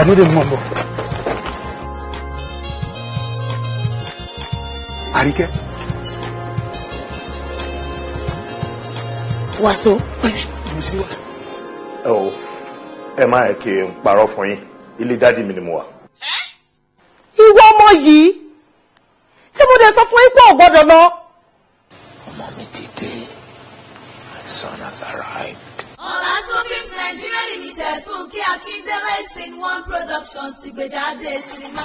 I no dey mọ̀ Àríkẹ́. Wàsó. Ẹ o, ẹ má yẹ kí n parọ́ fún yín, ilé dádì mi ni mo wà. Ìwọ ọmọ yìí, tí mo dẹ̀ sọ fún yín pé ò gbọ́dọ̀ lọ. Ọmọ mi ti dé, my son has arrived. Ọlá Sofilms Nigeria Limited fún akíndélé sin one productions ti gbèjáde sinimá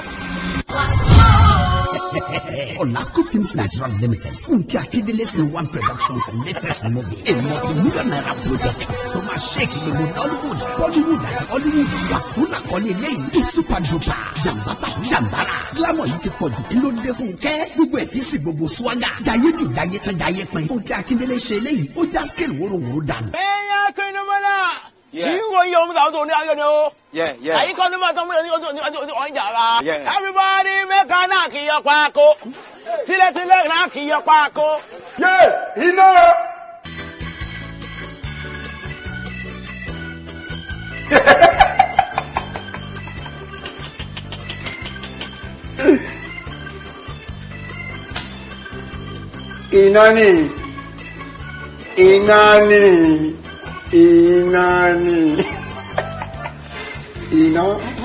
Olasco Films Nigeria Limited Funke Akindele Sin One Productions latest movie a multi-million naira project tó máa ṣèkì gbogbo Nollywood Bollywood àti Hollywood wàsúnà kọ́lé eléyìí ní super duper Jambata, jàǹbára glamour yìí ti pọ̀ jù kí ló dé Funke gbogbo ẹ̀fí Bobo swaga jayé jù jayé tán jayé pin Funke Akindele ṣe eléyìí ó já scale wóró wóró dànù. Jiwon Everybody make a aki yo pa ko. Tile tile na aki Yeah, iná. Iná ni, Inani. Ina.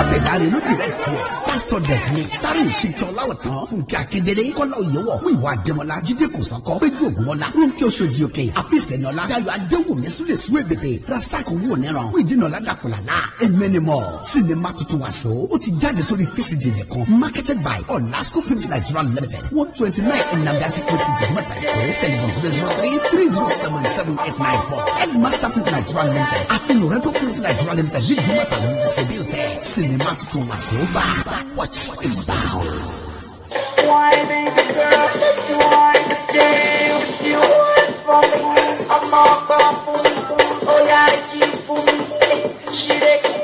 àtẹ̀jáde ló ti rẹ̀ tiẹ̀ pásítọ̀ dẹ̀tìmí starring victor láwọ̀tán fúnkẹ́ akíndélé kọ́lá òyewọ̀ wíwá adémọlá jídé kòsánkọ́ péjú ògúnmọ́lá ronke oṣòdì òkè àfíìsẹ̀nọ́lá dayo adéwòmí súlẹ̀ súwé bèbè rasak owó níran wíjìnàlá dàpọ̀làlá ẹ̀mẹ́nimọ̀ sinimá tuntun wà so ó ti jáde sórí fíṣíjì nìkan marketed by olasco films nigeria limited one twenty nine nnamdi asiku fíṣíjì mẹ́ta èkó tẹlifon zero zero three three zero seven seven eight nine four headmaster films nigeria limited àti loreto films nigeria limited ultimate and undistributed cinematic masoba. What's inbound? Why, baby girl, do I understand you? From me, I'm all for food. Oh, yeah, she food. She,